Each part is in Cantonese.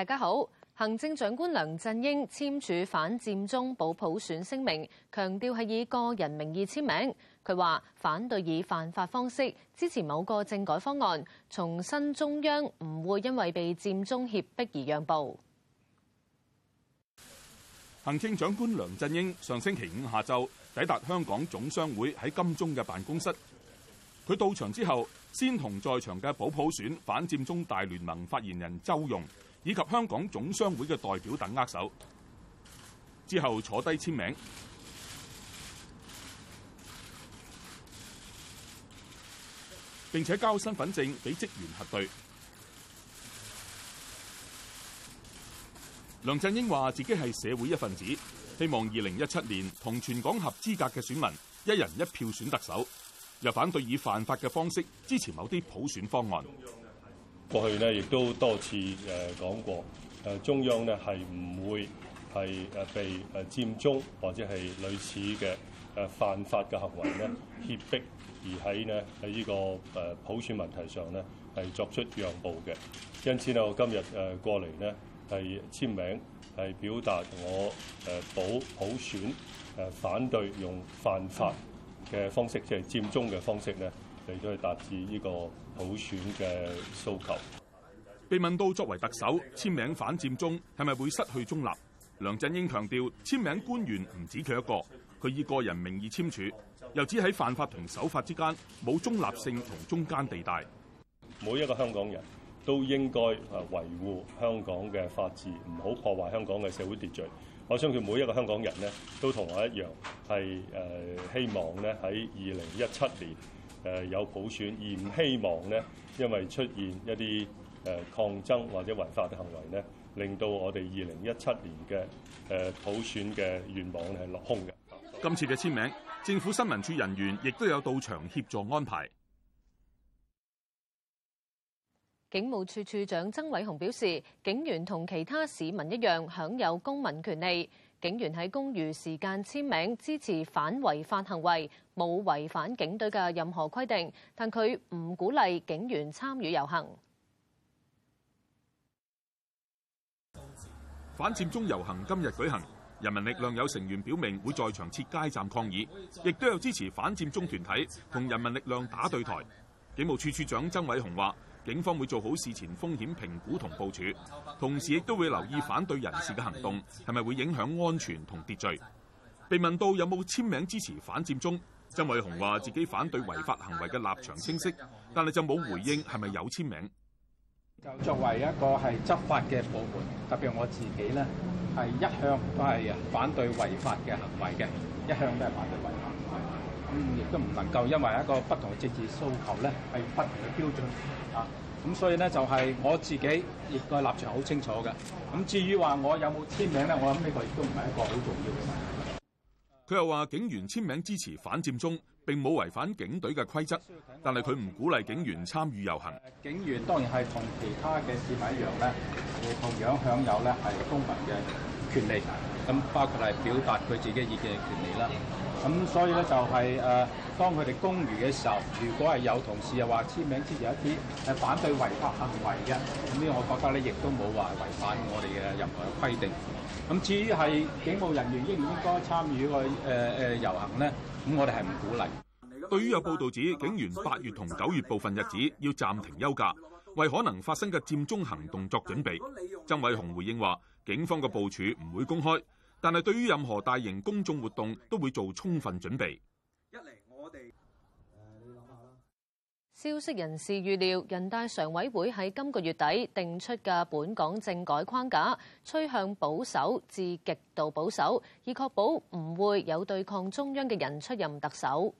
大家好，行政長官梁振英簽署反佔中保普選聲明，強調係以個人名義簽名。佢話反對以犯法方式支持某個政改方案，重申中央唔會因為被佔中脅迫而讓步。行政長官梁振英上星期五下晝抵達香港總商會喺金鐘嘅辦公室，佢到場之後先同在場嘅保普選反佔中大聯盟發言人周融。以及香港總商會嘅代表等握手，之後坐低簽名，並且交身份證俾職員核對。梁振英話自己係社會一份子，希望二零一七年同全港合資格嘅選民一人一票選特首，又反對以犯法嘅方式支持某啲普選方案。過去咧亦都多次誒講過，誒中央呢係唔會係誒被誒佔中或者係類似嘅誒犯法嘅行為咧脅迫，而喺呢喺呢個誒普選問題上咧係作出讓步嘅。因此咧，我今日誒過嚟咧係簽名，係表達我誒保普選誒反對用犯法嘅方式，即係佔中嘅方式咧。嚟咗去達至呢個普選嘅訴求。被問到作為特首簽名反佔中係咪會失去中立，梁振英強調簽名官員唔止佢一個，佢以個人名義簽署，又指喺犯法同守法之間冇中立性同中間地帶。每一個香港人都應該誒維護香港嘅法治，唔好破壞香港嘅社會秩序。我相信每一個香港人呢都同我一樣係誒希望呢喺二零一七年。呃、有普選，而唔希望呢，因為出現一啲、呃、抗爭或者違法嘅行為呢，令到我哋二零一七年嘅誒、呃、普選嘅願望係落空嘅。今次嘅簽名，政府新聞處人員亦都有到場協助安排。警務處處長曾偉雄表示，警員同其他市民一樣享有公民權利。警員喺公餘時間簽名支持反違法行為，冇違反警隊嘅任何規定，但佢唔鼓勵警員參與遊行。反佔中遊行今日舉行，人民力量有成員表明會在場設街站抗議，亦都有支持反佔中團體同人民力量打對台。警務處處長曾偉雄話：警方會做好事前風險評估同部署，同時亦都會留意反對人士嘅行動係咪會影響安全同秩序。被問到有冇簽名支持反佔中，曾偉雄話自己反對違法行為嘅立場清晰，但係就冇回應係咪有簽名。就作為一個係執法嘅部門，特別我自己呢，係一向都係反對違法嘅行為嘅，一向都係反對違法。亦都唔能夠因為一個不同嘅政治訴求咧，係不同嘅標準啊！咁所以咧，就係我自己亦都係立場好清楚嘅。咁至於話我有冇簽名咧，我諗呢個亦都唔係一個好重要嘅問題。佢又話警員簽名支持反佔中並冇違反警隊嘅規則，但係佢唔鼓勵警員參與遊行。警員當然係同其他嘅市民一樣咧，會同樣享有咧係公民嘅權利，咁包括係表達佢自己意見嘅權利啦。咁、嗯、所以咧就係、是、誒、呃，當佢哋公餘嘅時候，如果係有同事又話簽名支持一啲，反對違法行為嘅，咁、嗯、呢，我覺得咧亦都冇話違反我哋嘅任何嘅規定。咁、嗯、至於係警務人員應唔應該參與、這個、呃、遊行咧？咁我哋係唔鼓勵。對於有報道指警員八月同九月部分日子要暫停休假，為可能發生嘅佔中行動作準備，曾偉雄回應話：警方嘅部署唔會公開。但係對於任何大型公眾活動都會做充分準備。一嚟，我哋消息人士預料，人大常委會喺今個月底定出嘅本港政改框架，趨向保守至極度保守，以確保唔會有對抗中央嘅人出任特首。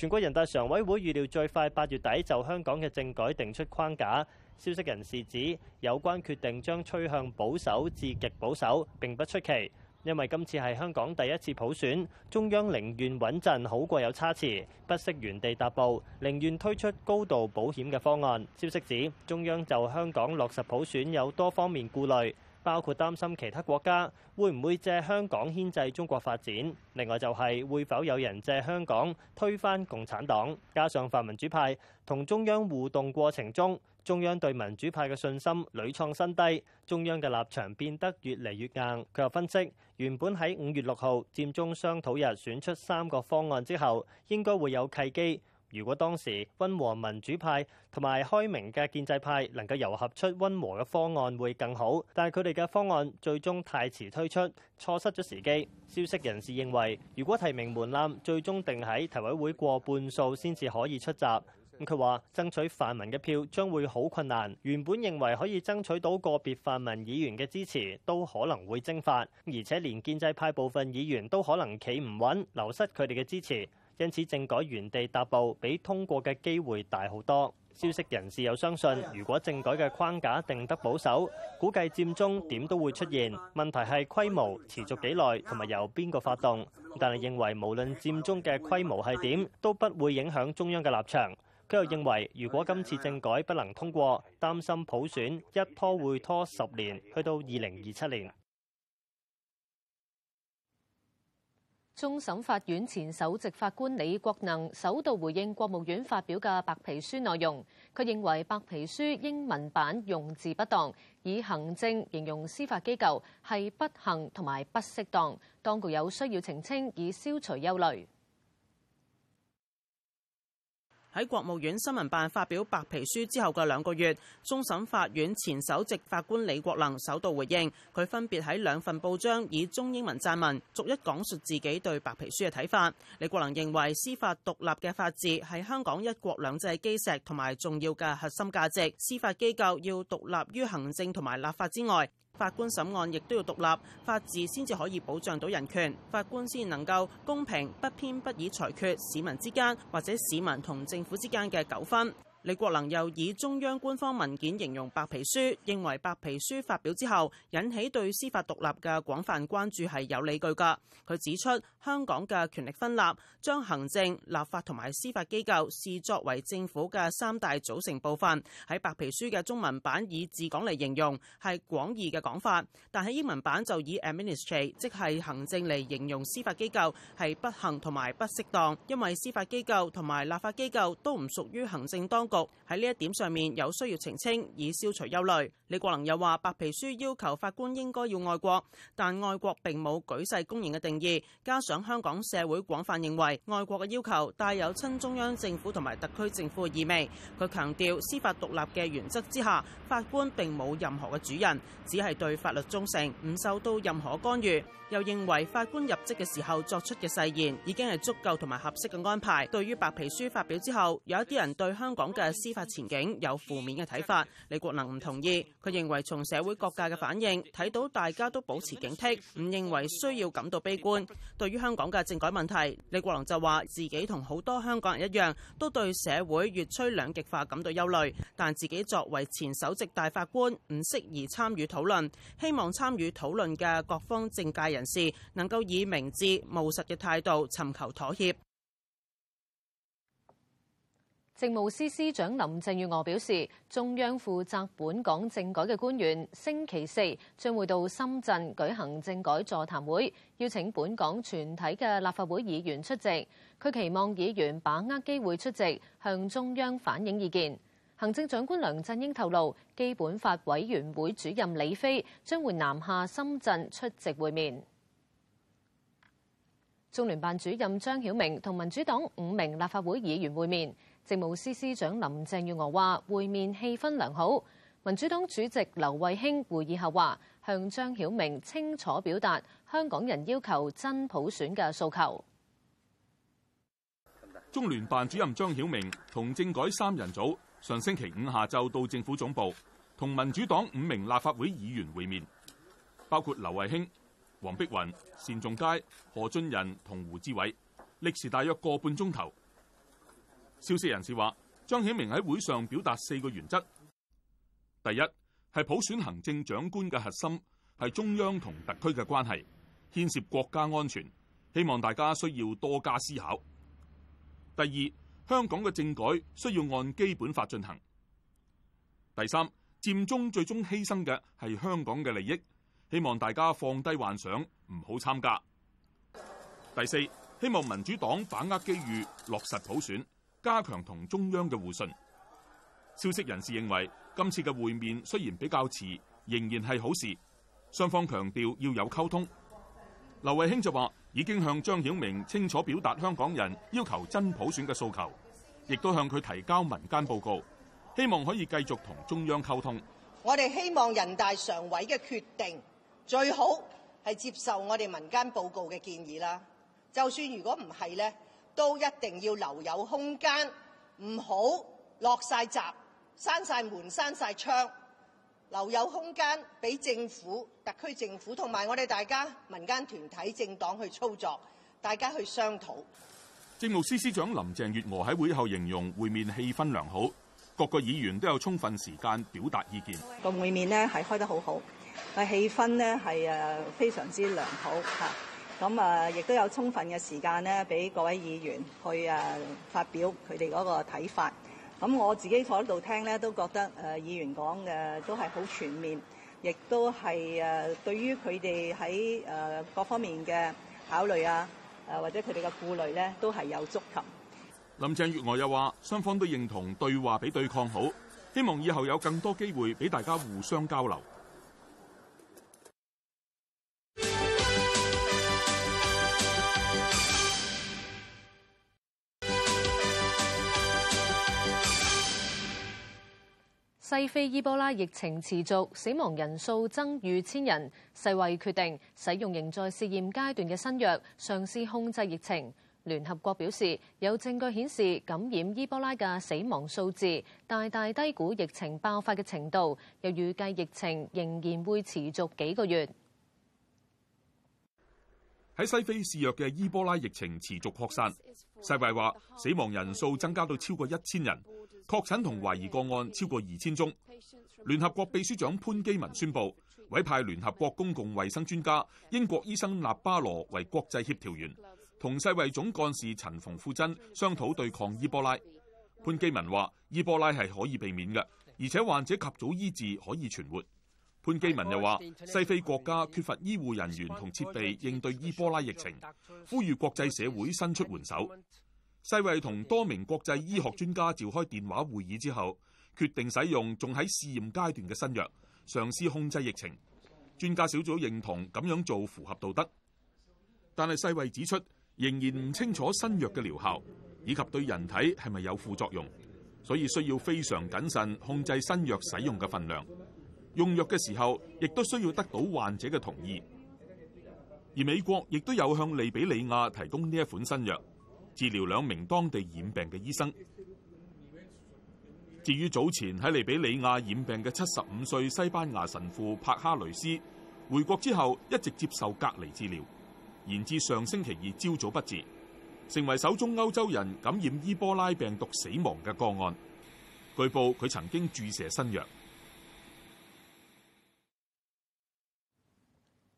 全國人大常委會預料最快八月底就香港嘅政改定出框架。消息人士指，有關決定將趨向保守至極保守，並不出奇，因為今次係香港第一次普選，中央寧願穩陣好過有差池，不惜原地踏步，寧願推出高度保險嘅方案。消息指，中央就香港落實普選有多方面顧慮。包括擔心其他國家會唔會借香港牽制中國發展，另外就係會否有人借香港推翻共產黨。加上泛民主派同中央互動過程中，中央對民主派嘅信心屢創新低，中央嘅立場變得越嚟越硬。佢又分析，原本喺五月六號佔中商討日選出三個方案之後，應該會有契機。如果當時温和民主派同埋開明嘅建制派能夠糅合出温和嘅方案會更好，但係佢哋嘅方案最終太遲推出，錯失咗時機。消息人士認為，如果提名門檻最終定喺提委會過半數先至可以出閘，佢話爭取泛民嘅票將會好困難。原本認為可以爭取到個別泛民議員嘅支持，都可能會蒸發，而且連建制派部分議員都可能企唔穩，流失佢哋嘅支持。因此，政改原地踏步，比通過嘅機會大好多。消息人士又相信，如果政改嘅框架定得保守，估計佔中點都會出現。問題係規模、持續幾耐同埋由邊個發動。但係認為，無論佔中嘅規模係點，都不會影響中央嘅立場。佢又認為，如果今次政改不能通過，擔心普選一拖會拖十年，去到二零二七年。終審法院前首席法官李國能首度回應國務院發表嘅白皮書內容，佢認為白皮書英文版用字不當，以行政形容司法機構係不幸同埋不適當，當局有需要澄清以消除憂慮。喺國務院新聞辦發表白皮書之後嘅兩個月，終審法院前首席法官李國能首度回應，佢分別喺兩份報章以中英文撰文，逐一講述自己對白皮書嘅睇法。李國能認為，司法獨立嘅法治係香港一國兩制基石同埋重要嘅核心價值，司法機構要獨立於行政同埋立法之外。法官審案亦都要獨立，法治先至可以保障到人權。法官先能夠公平、不偏不倚，裁決市民之間，或者市民同政府之間嘅糾紛。李國能又以中央官方文件形容《白皮書》，認為《白皮書》發表之後引起對司法獨立嘅廣泛關注係有理據噶。佢指出，香港嘅權力分立將行政、立法同埋司法機構視作為政府嘅三大組成部分。喺《白皮書》嘅中文版以治港嚟形容係廣義嘅講法，但喺英文版就以 administrate 即係行政嚟形容司法機構係不幸同埋不適當，因為司法機構同埋立法機構都唔屬於行政當局。局喺呢一點上面有需要澄清，以消除憂慮。李國能又話白皮書要求法官應該要愛國，但愛國并冇舉世公認嘅定義。加上香港社會廣泛認為愛國嘅要求帶有親中央政府同埋特區政府嘅意味。佢強調司法獨立嘅原則之下，法官并冇任何嘅主人，只係對法律忠誠，唔受到任何干預。又認為法官入職嘅時候作出嘅誓言已經係足夠同埋合適嘅安排。對於白皮書發表之後，有一啲人對香港，嘅司法前景有負面嘅睇法，李國能唔同意。佢認為從社會各界嘅反應睇到，大家都保持警惕，唔認為需要感到悲觀。對於香港嘅政改問題，李國能就話自己同好多香港人一樣，都對社會越趨兩極化感到憂慮。但自己作為前首席大法官，唔適宜參與討論。希望參與討論嘅各方政界人士能夠以明智務實嘅態度尋求妥協。政務司司長林鄭月娥表示，中央負責本港政改嘅官員星期四將會到深圳舉行政改座談會，邀請本港全體嘅立法會議員出席。佢期望議員把握機會出席，向中央反映意見。行政長官梁振英透露，基本法委員會主任李飛將會南下深圳出席會面。中聯辦主任張曉明同民主黨五名立法會議員會面。政務司司長林鄭月娥話：會面氣氛良好。民主黨主席劉慧卿會議後話：向張曉明清楚表達香港人要求真普選嘅訴求。中聯辦主任張曉明同政改三人組上星期五下晝到政府總部同民主黨五名立法會議員會面，包括劉慧卿、黃碧雲、單仲偕、何俊仁同胡志偉，歷時大約個半鐘頭。消息人士話，張曉明喺會上表達四個原則：第一係普選行政長官嘅核心係中央同特區嘅關係，牽涉國家安全，希望大家需要多加思考；第二，香港嘅政改需要按基本法進行；第三，佔中最終犧牲嘅係香港嘅利益，希望大家放低幻想，唔好參加；第四，希望民主黨把握機遇，落實普選。加強同中央嘅互信，消息人士認為今次嘅會面雖然比較遲，仍然係好事。雙方強調要有溝通。劉慧卿就話，已經向張曉明清楚表達香港人要求真普選嘅訴求，亦都向佢提交民間報告，希望可以繼續同中央溝通。我哋希望人大常委嘅決定最好係接受我哋民間報告嘅建議啦。就算如果唔係呢，都一定要留有空間，唔好落晒閘、閂晒門、閂晒窗，留有空間俾政府、特區政府同埋我哋大家民間團體、政黨去操作，大家去商討。政務司司長林鄭月娥喺會後形容會面氣氛良好，各個議員都有充分時間表達意見。個會面呢係開得好好，個氣氛呢係誒非常之良好吓。咁啊，亦都有充分嘅時間咧，俾各位議員去誒發表佢哋嗰個睇法。咁我自己坐喺度聽咧，都覺得誒議員講嘅都係好全面，亦都係誒對於佢哋喺誒各方面嘅考慮啊，誒或者佢哋嘅顧慮咧，都係有觸及。林鄭月娥又話：雙方都認同對話比對抗好，希望以後有更多機會俾大家互相交流。西非伊波拉疫情持續，死亡人數增逾千人。世衛決定使用仍在試驗階段嘅新藥，嘗試控制疫情。聯合國表示，有證據顯示感染伊波拉嘅死亡數字大大低估疫情爆發嘅程度，又預計疫情仍然會持續幾個月。喺西非試藥嘅伊波拉疫情持續擴散，世衛話死亡人數增加到超過一千人。確診同懷疑個案超過二千宗。聯合國秘書長潘基文宣布委派聯合國公共衛生專家英國醫生納巴羅為國際協調員，同世衛總幹事陳馮富珍商討對抗伊波拉。潘基文話：伊波拉係可以避免嘅，而且患者及早醫治可以存活。潘基文又話：西非國家缺乏醫護人員同設備應對伊波拉疫情，呼籲國際社會伸出援手。世衛同多名國際醫學專家召開電話會議之後，決定使用仲喺試驗階段嘅新藥，嘗試控制疫情。專家小組認同咁樣做符合道德，但係世衛指出，仍然唔清楚新藥嘅療效以及對人體係咪有副作用，所以需要非常謹慎控制新藥使用嘅分量。用藥嘅時候亦都需要得到患者嘅同意。而美國亦都有向利比里亞提供呢一款新藥。治療兩名當地染病嘅醫生。至於早前喺利比里亞染病嘅七十五歲西班牙神父帕哈雷斯，回國之後一直接受隔離治療，延至上星期二朝早不治，成為首宗歐洲人感染伊波拉病毒死亡嘅個案。據報佢曾經注射新藥。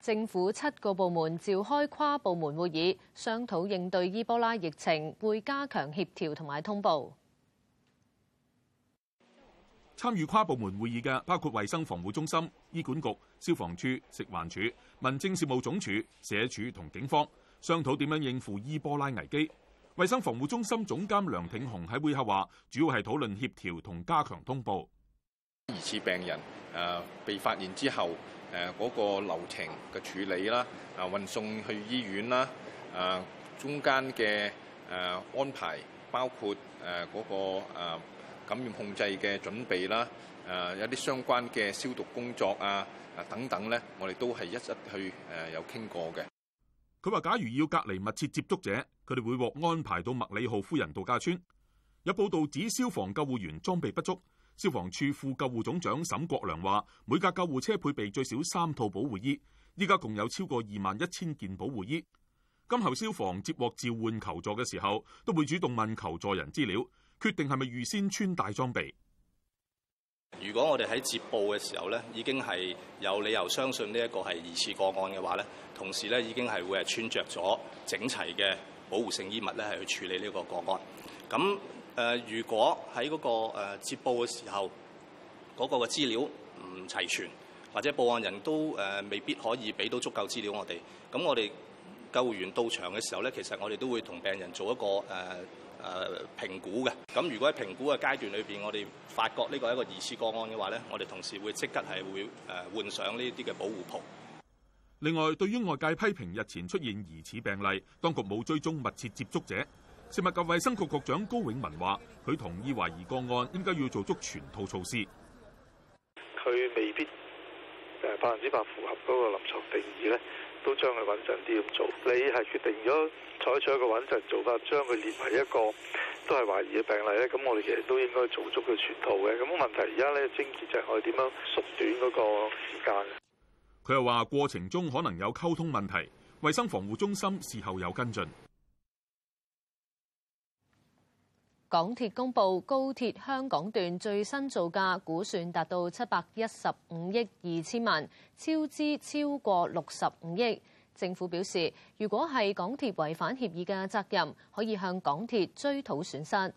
政府七個部門召開跨部門會議，商討應對伊波拉疫情，會加強協調同埋通報。參與跨部門會議嘅包括衛生防護中心、醫管局、消防處、食環署、民政事務總署、社署同警方，商討點樣應付伊波拉危機。衛生防護中心總監梁挺雄喺會後話：主要係討論協調同加強通報，疑似病人誒、呃、被發現之後。誒嗰個流程嘅處理啦，啊運送去醫院啦，啊中間嘅誒安排，包括誒嗰個誒感染控制嘅準備啦，誒有啲相關嘅消毒工作啊，啊等等咧，我哋都係一一去誒有傾過嘅。佢話：假如要隔離密切接觸者，佢哋會獲安排到麥理浩夫人度假村。有報道指消防救護員裝備不足。消防處副救護總長沈國良話，每架救護車配備最少三套保護衣，依家共有超過二萬一千件保護衣。今後消防接獲召喚求助嘅時候，都會主動問求助人資料，決定係咪預先穿戴裝備。如果我哋喺接報嘅時候呢，已經係有理由相信呢一個係疑似個案嘅話呢，同時呢已經係會係穿着咗整齊嘅保護性衣物呢，係去處理呢個個案咁。誒，如果喺嗰個誒接報嘅時候，嗰個嘅資料唔齊全，或者報案人都誒未必可以俾到足夠資料我哋，咁我哋救護員到場嘅時候咧，其實我哋都會同病人做一個誒誒評估嘅。咁如果喺評估嘅階段裏邊，我哋發覺呢個係一個疑似個案嘅話咧，我哋同時會即刻係會誒換上呢啲嘅保護袍。另外，對於外界批評日前出現疑似病例，當局冇追蹤密切接觸者。食物及衞生局局長高永文話：佢同意懷疑個案應該要做足全套措施。佢未必誒百分之百符合嗰個臨床定義咧，都將佢穩陣啲咁做。你係決定咗採取一個穩陣做法，將佢列為一個都係懷疑嘅病例咧，咁我哋其實都應該做足佢全套嘅。咁問題而家咧，癥結就係點樣縮短嗰個時間？佢又話過程中可能有溝通問題，衞生防護中心事後有跟進。港鐵公布高鐵香港段最新造價估算達到七百一十五億二千萬，超支超過六十五億。政府表示，如果係港鐵違反協議嘅責任，可以向港鐵追討損失。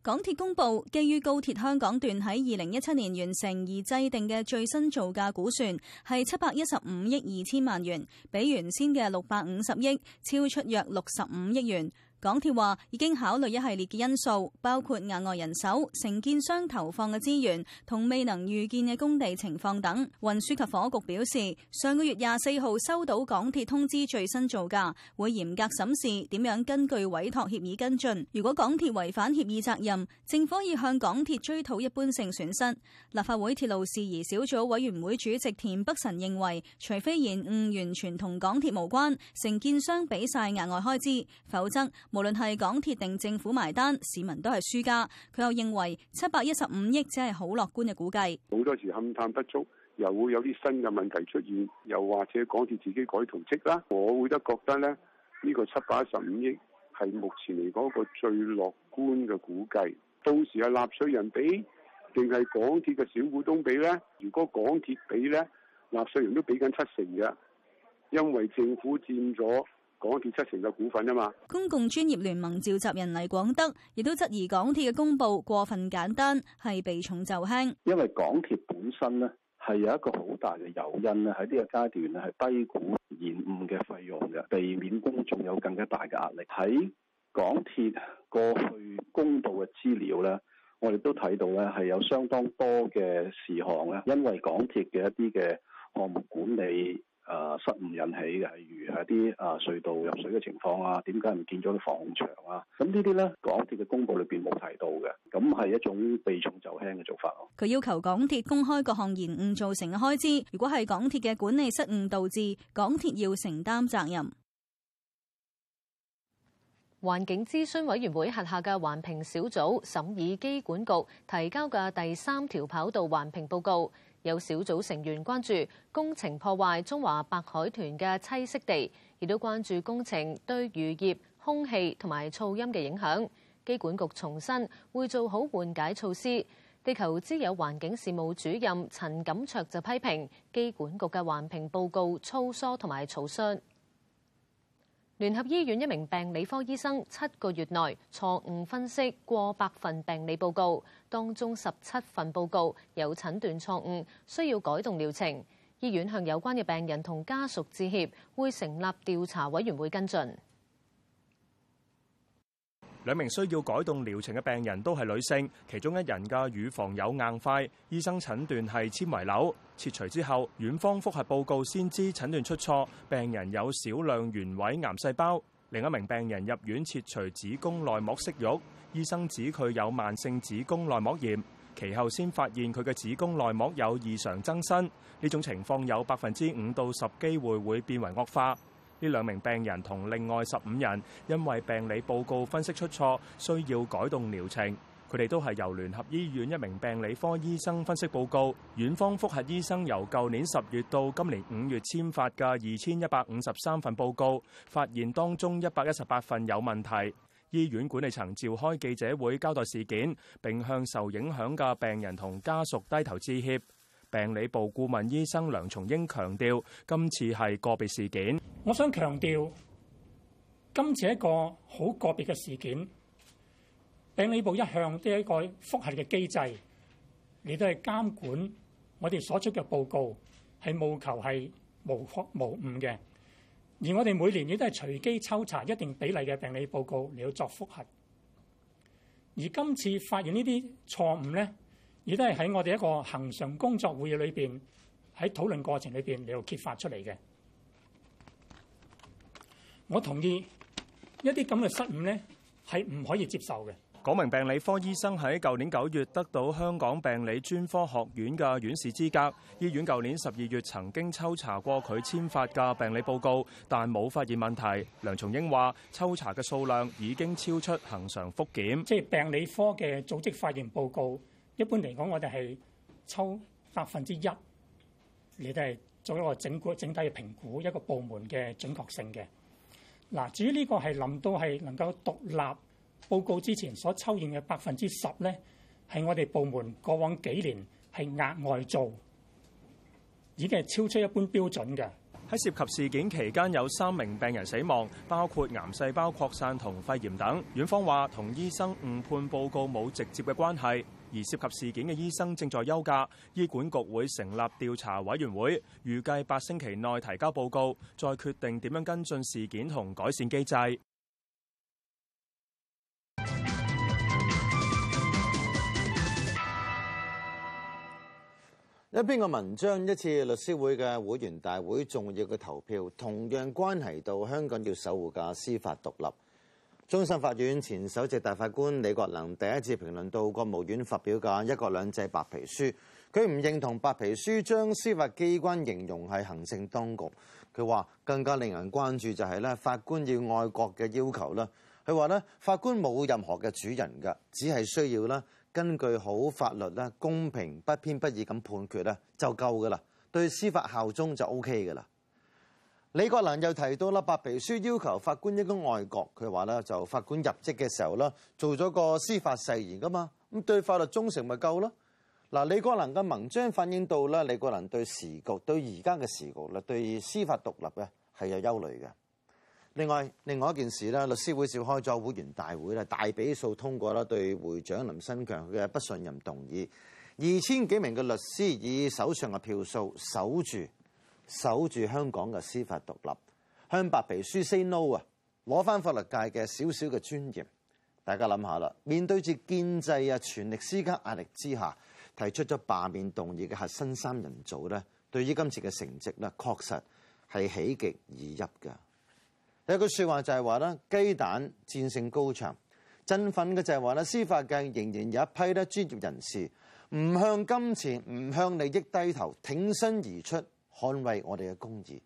港鐵公布基於高鐵香港段喺二零一七年完成而制定嘅最新造價估算係七百一十五億二千萬元，比原先嘅六百五十億超出約六十五億元。港鐵話已經考慮一系列嘅因素，包括額外人手、承建商投放嘅資源同未能預見嘅工地情況等。運輸及火局表示，上個月廿四號收到港鐵通知最新造價，會嚴格審視點樣根據委託協議跟進。如果港鐵違反協議責任，政府要向港鐵追討一般性損失。立法會鐵路事宜小組委員會主席田北辰認為，除非延誤完全同港鐵無關，承建商俾晒額外開支，否則。無論係港鐵定政府埋單，市民都係輸家。佢又認為七百一十五億只係好樂觀嘅估計。好多時勘探不足，又會有啲新嘅問題出現，又或者港鐵自己改圖則啦。我會都覺得咧，呢、呢個七百一十五億係目前嚟講一個最樂觀嘅估計。到時阿納稅人俾定係港鐵嘅小股東俾呢？如果港鐵俾呢，納稅人都俾緊七成嘅，因為政府佔咗。港鐵七成嘅股份啊嘛！公共專業聯盟召集人黎廣德亦都質疑港鐵嘅公佈過分簡單，係避重就輕。因為港鐵本身呢，係有一個好大嘅誘因呢，喺呢個階段呢係低估延誤嘅費用嘅，避免公眾有更加大嘅壓力。喺港鐵過去公佈嘅資料呢，我哋都睇到呢係有相當多嘅事項呢，因為港鐵嘅一啲嘅項目管理，誒失誤引起嘅，例如係啲誒隧道入水嘅情況啊，點解唔見咗啲防洪牆啊？咁呢啲呢，港鐵嘅公佈裏邊冇提到嘅，咁係一種避重就輕嘅做法。佢要求港鐵公開各項延誤造成嘅開支，如果係港鐵嘅管理失誤導致，港鐵要承擔責任。環境諮詢委員會轄下嘅環評小組審議機管局提交嘅第三條跑道環評報告。有小組成員關注工程破壞中華白海豚嘅棲息地，亦都關注工程對漁業、空氣同埋噪音嘅影響。機管局重申會做好緩解措施。地球之友環境事務主任陳錦卓就批評機管局嘅環評報告粗疏同埋草率。聯合醫院一名病理科醫生七個月內錯誤分析過百份病理報告，當中十七份報告有診斷錯誤，需要改動療程。醫院向有關嘅病人同家屬致歉，會成立調查委員會跟進。兩名需要改動療程嘅病人都係女性，其中一人嘅乳房有硬塊，醫生診斷係纖維瘤，切除之後，院方複核報告先知診斷出錯，病人有少量原位癌細胞。另一名病人入院切除子宮內膜息肉，醫生指佢有慢性子宮內膜炎，其後先發現佢嘅子宮內膜有異常增生，呢種情況有百分之五到十機會會變為惡化。呢兩名病人同另外十五人，因為病理報告分析出錯，需要改動療程。佢哋都係由聯合醫院一名病理科醫生分析報告，院方複核醫生由舊年十月到今年五月簽發嘅二千一百五十三份報告，發現當中一百一十八份有問題。醫院管理層召開記者會交代事件，並向受影響嘅病人同家屬低頭致歉。病理部顧問醫生梁從英強調，今次係個別事件。我想強調，今次一個好個別嘅事件。病理部一向都係一個複核嘅機制，你都係監管我哋所出嘅報告，係務求係無錯無誤嘅。而我哋每年亦都係隨機抽查一定比例嘅病理報告，你要作複核。而今次發現呢啲錯誤咧。亦都係喺我哋一個恒常工作會議裏面，喺討論過程裏面，嚟到揭發出嚟嘅。我同意一啲咁嘅失誤呢，係唔可以接受嘅。嗰名病理科醫生喺舊年九月得到香港病理專科學院嘅院士資格，醫院舊年十二月曾經抽查過佢簽發嘅病理報告，但冇發現問題。梁重英話：抽查嘅數量已經超出恒常復檢。即係病理科嘅組織發言報告。一般嚟講，我哋係抽百分之一，你哋係做一個整個整體嘅評估，一個部門嘅準確性嘅嗱。至於呢個係諗到係能夠獨立報告之前所抽驗嘅百分之十咧，係我哋部門過往幾年係額外做，已經係超出一般標準嘅。喺涉及事件期間，有三名病人死亡，包括癌細胞擴散同肺炎等。院方話同醫生誤判報告冇直接嘅關係。而涉及事件嘅醫生正在休假，醫管局會成立調查委員會，預計八星期內提交報告，再決定點樣跟進事件同改善機制。一邊個文章，一次律師會嘅會員大會重要嘅投票，同樣關係到香港要守護嘅司法獨立。終審法院前首席大法官李國能第一次評論到國務院發表嘅《一國兩制》白皮書，佢唔認同白皮書將司法機關形容係行政當局。佢話更加令人關注就係咧，法官要愛國嘅要求啦。佢話咧，法官冇任何嘅主人噶，只係需要咧根據好法律啦，公平不偏不倚咁判決咧就夠噶啦，對司法效忠就 O K 噶啦。李國能又提到啦，白皮書要求法官一個愛國，佢話啦就法官入職嘅時候啦，做咗個司法誓言噶嘛，咁對法律忠誠咪夠咯。嗱，李國能嘅文章反映到啦，李國能對時局，對而家嘅時局咧，對司法獨立咧係有憂慮嘅。另外，另外一件事咧，律師會召開咗會員大會咧，大比數通過啦對會長林新強嘅不信任動議。二千幾名嘅律師以手上嘅票數守住，守住香港嘅司法獨立，向白皮書 say no 啊！攞翻法律界嘅少少嘅尊嚴。大家諗下啦，面對住建制啊、全力施加壓力之下，提出咗罷免動議嘅核心三人組咧，對於今次嘅成績咧，確實係喜極而泣㗎。有句説話就係話咧，雞蛋戰勝高牆。振奮嘅就係話咧，司法界仍然有一批咧專業人士唔向金錢、唔向利益低頭，挺身而出。捍衛我哋嘅公義。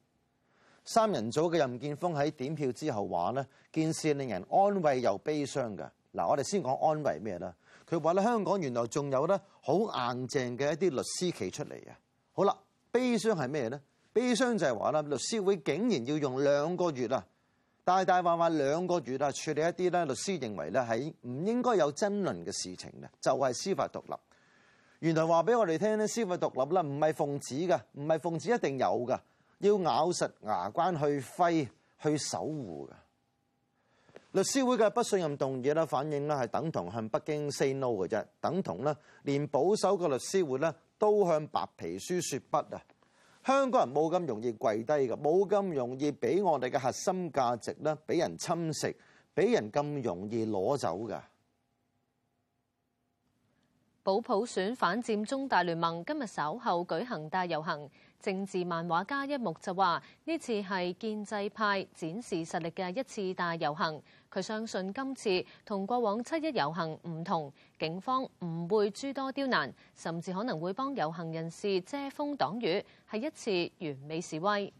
三人組嘅任建峰喺點票之後話呢件事令人安慰又悲傷嘅。嗱，我哋先講安慰咩啦？佢話咧，香港原來仲有咧好硬淨嘅一啲律師企出嚟啊。好啦，悲傷係咩呢？悲傷就係話咧，律師會竟然要用兩個月啊，大大話話兩個月啊，處理一啲咧律師認為咧係唔應該有爭論嘅事情嘅，就係、是、司法獨立。原來話俾我哋聽咧，司法獨立啦，唔係奉旨嘅，唔係奉旨一定有嘅，要咬實牙關去揮去守護嘅。律師會嘅不信任動議咧，反映咧係等同向北京 say no 嘅啫，等同咧連保守嘅律師會咧都向白皮書說不啊！香港人冇咁容易跪低嘅，冇咁容易俾我哋嘅核心價值咧俾人侵蝕，俾人咁容易攞走嘅。保普選反佔中大聯盟今日稍後舉行大遊行，政治漫畫家一木就話：呢次係建制派展示實力嘅一次大遊行，佢相信今次同過往七一遊行唔同，警方唔會諸多刁難，甚至可能會幫遊行人士遮風擋雨，係一次完美示威。